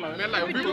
没来，有米多。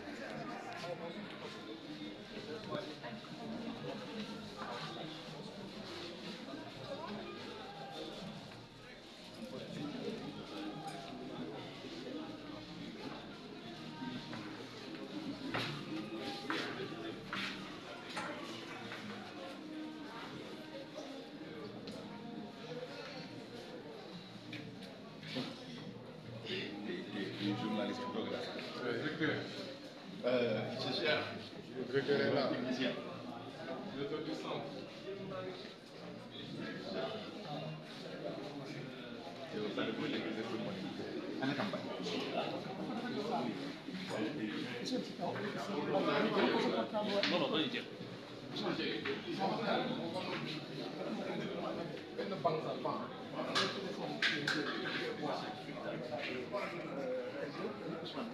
还能干白？这皮包，我给你说，我这包我落了多少件？这么多？这么多？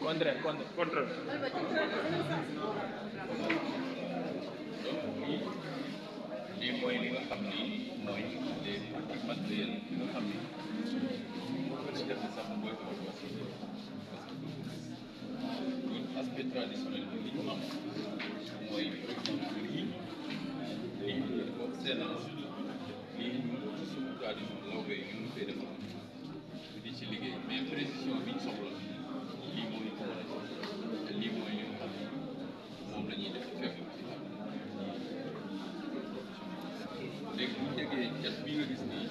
Contra, contra. Contra. mooy les politiques matérielles yi nga xam ni moom la ñu def sax mooy évaluation parce que ñun aspect traditionnel bi li ñu am mooy par exemple lii lii séance lii ñun suñu tradition lawbe yi ñu koy defal di ci liggéey mais précision bi ñu soxla lii mooy lii léegi bu ñu déggee jas bi gis nii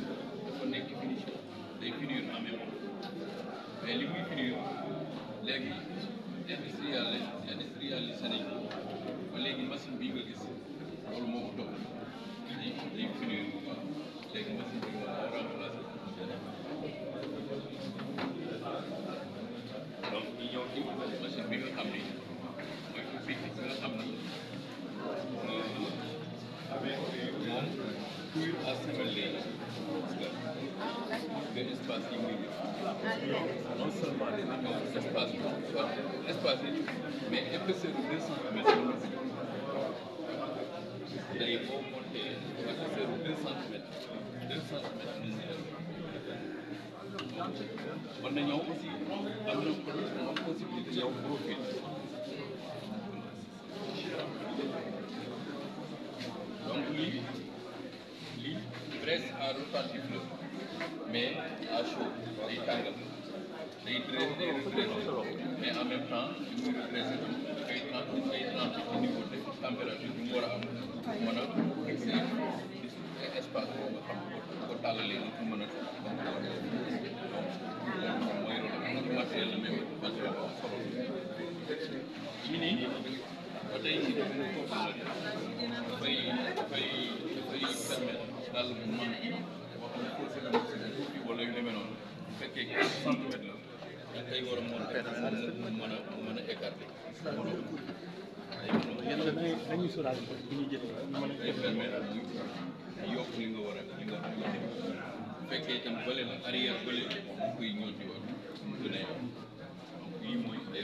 dafa nekk finition day finir en même temps mais li muy finir léegi industriel industriel yi Sénégal ba léegi machine bi nga gis loolu moo ko topp day day finir waaw léegi machine bi nga remplacé non seulement les espaces mais épaisseur de 2 cm. 2 cm On a aussi une possibilité de profiter Donc, l'île, l'île reste à repartir mais à chaud. day jàngal day dressé day redressé mais en même temps li muy redressé day tranché day tranché ci niveau de température bi mu war a am mën a fixer espace boobu nga xam ko ko tàllalee lu mën a donc mooy loolu matériel la même matériel bu am solo ñu ni ba tey dafay dafay dafay permettre daal mu mën boo xam ne pour wala yu demee noonu bu fekkee kii centimètre la da koy war a mën a mën a mën a écarté. dañuy sóoraale bi ñu jël mën a war a mooy ay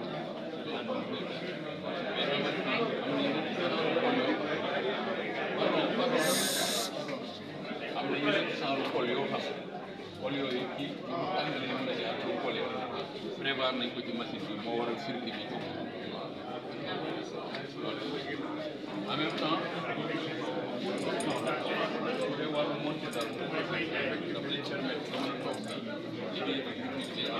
polio yi ci tàmbali yi mën a jaar pour polio prévoir nañ ko ci machine bi moo waral circuit bi en même temps bu dee wàllu monte daal dafa lay permettre nga mën a toog liggéey ak utiliser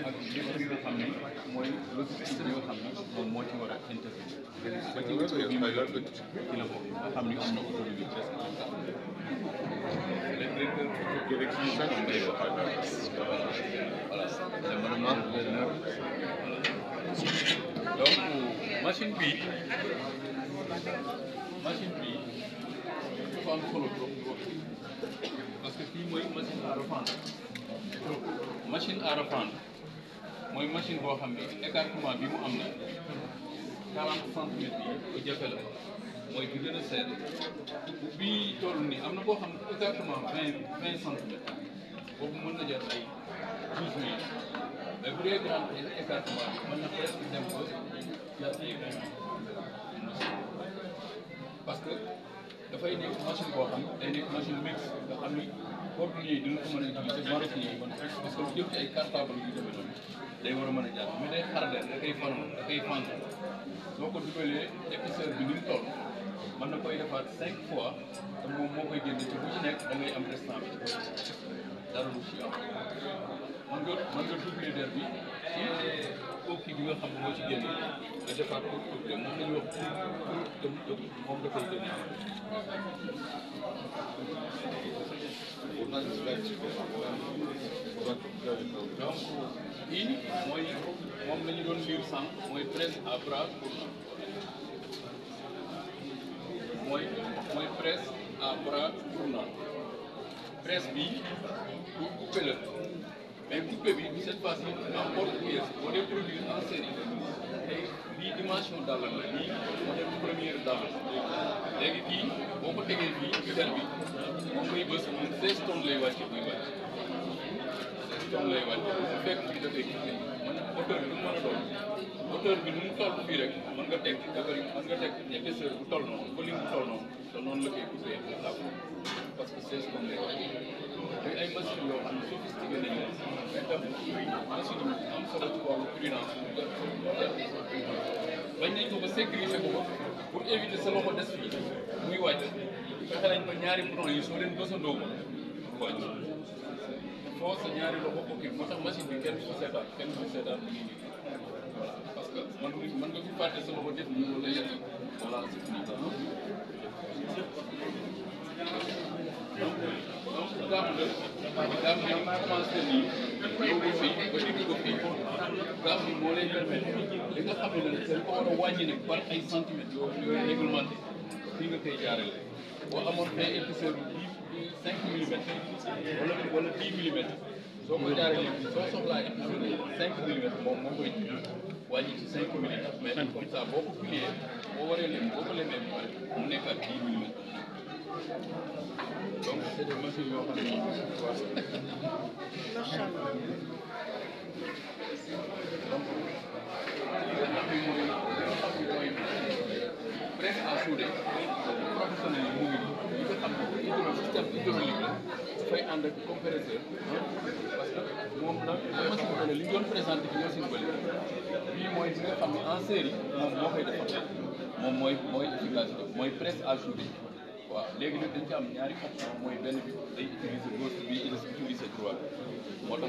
ak lépp li nga xam ne mooy logistique bi nga xam ne moom moo ci war a intervenir ba ci wér bi mooy loolu ci la bokk nga xam ne am na autonomie bi presque am sax le directeur direction moom day wax voilà le manument gouverneur voilà donc machine bi machine bi dafa am solo trop parce que fii mooy machine à reprendre machine à reprendre mooy machine boo xam ne écartement bi mu am na 40 centimètres bi bu jafe la mooy bi gën a seet bii toll am na boo xam ne exactement vingt vingt centimètres na jar bu dee parce que dafay nekk machine boo xam machine mixte nga xam ni porte yooyu dina ko mën a utiliser marché yooyu man parce que jëm ci ay cartable yu demee noonu day war a mën a jàpp mais day xar leen da koy fan da koy fànn soo ko dugalee épaisseur bi ni mu toll mën na koy defaat cinq fois te moom moo koy génne te bu ci nekk da ngay am restant bi dara lu ci am mën nga mën nga doubler der bi ki bi nga xam moo ci génn mais c'est pas pour tout moom la ñuy wax pour pour moom dafay génn. donc i mooy moom la ñu doon liir sànq mooy presse à bras courts mooy mooy presse à bras courts presse bi bu coupé la. Mevlüt cette fois-ci, encore plus, on est produit en série. tey bii dimension dàllal la bii moo dem première dàllal léegi kii boo ko tegee fii bi moom mooy bës moom seize tonnes lay wàcce muy wàcc system lay wàcc su fekk bi dafay gis man moteur bi mën a doon moteur bi nu mu toll fii rek mën nga teg gabarit mën nga teg épaisseur bu toll noonu volume bu toll noonu te noonu la koy coupé la parce que c'est comme lay wàcc te ay machine yoo xam ne sophistiqué nañ leen mais tam machine yi am solo ci wàllu prudence bañ nañ ko ba sécurité ko pour éviter sa loxo des fii muy wàcc fexe nañ ko ñaari bouton yi soo leen bësandoo ko poñ foo sa ñaari loxo ok moo tax machine bi kenn du seetaan kenn du seetaan que man man nga sa loxo def nii wala yëpp voilà c'est fini quoi. donc donc gàmm la bi nga xam ne nag dañ ko war a wàññi nag par ay centimètres yoo yoo réglementé fii nga koy jaarale boo amoon ay épisodes yu cinq millimètres wala wala dix millimètres soo ko jaaralee soo soxlaa épisode cinq millimètres moom moo koy wàññi ci cinq millimètres mais nag comme ça boo ko plier boo waree leen boo ko lemee ba mu nekk ak dix millimètres donc c'est des machines yoo xam ne donc li nga xam ne mooy prêt à souder professionnel yi mu ngi xam ne hydro système hydraulique la dafay ànd ak compresseur parce que moom la machine bële li ñu doon présenté ci machine bële mooy bi nga xam ne en série moom moo koy moom mooy mooy efficacité mooy presse à chaud bi waaw léegi nag dañ ci am ñaari option mooy benn bi day utiliser gauche bi il utilise droit moo tax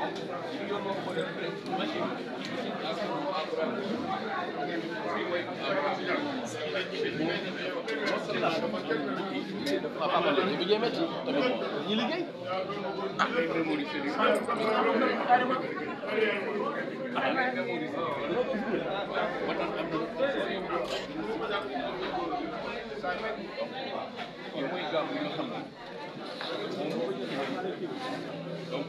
waaw Papa Leye liggéey métti tamit ñu liggéey ah. donc.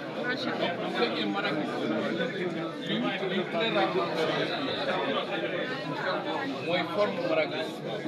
mooy forme maragis forme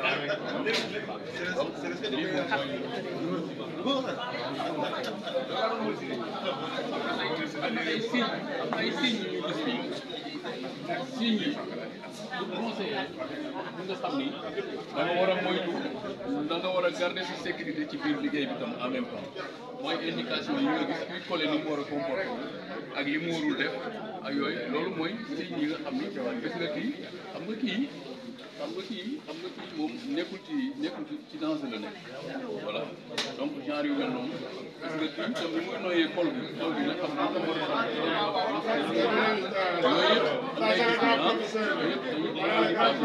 signe yi bu conseiller bu nga xam ni da nga a moytu da nga war a garder sa sécurité ci biir liggéey bi tam en même temps a comporté ak xam nga kii xam nga kii moom nekkul ci nekkul ci ci danse la nekk voilà donc genre yu mel noonu parce que kii tam ni muy noyyee xol bi xol bi nag xam naa ko war a xam yooyu yëpp am na ay yëpp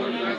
yëpp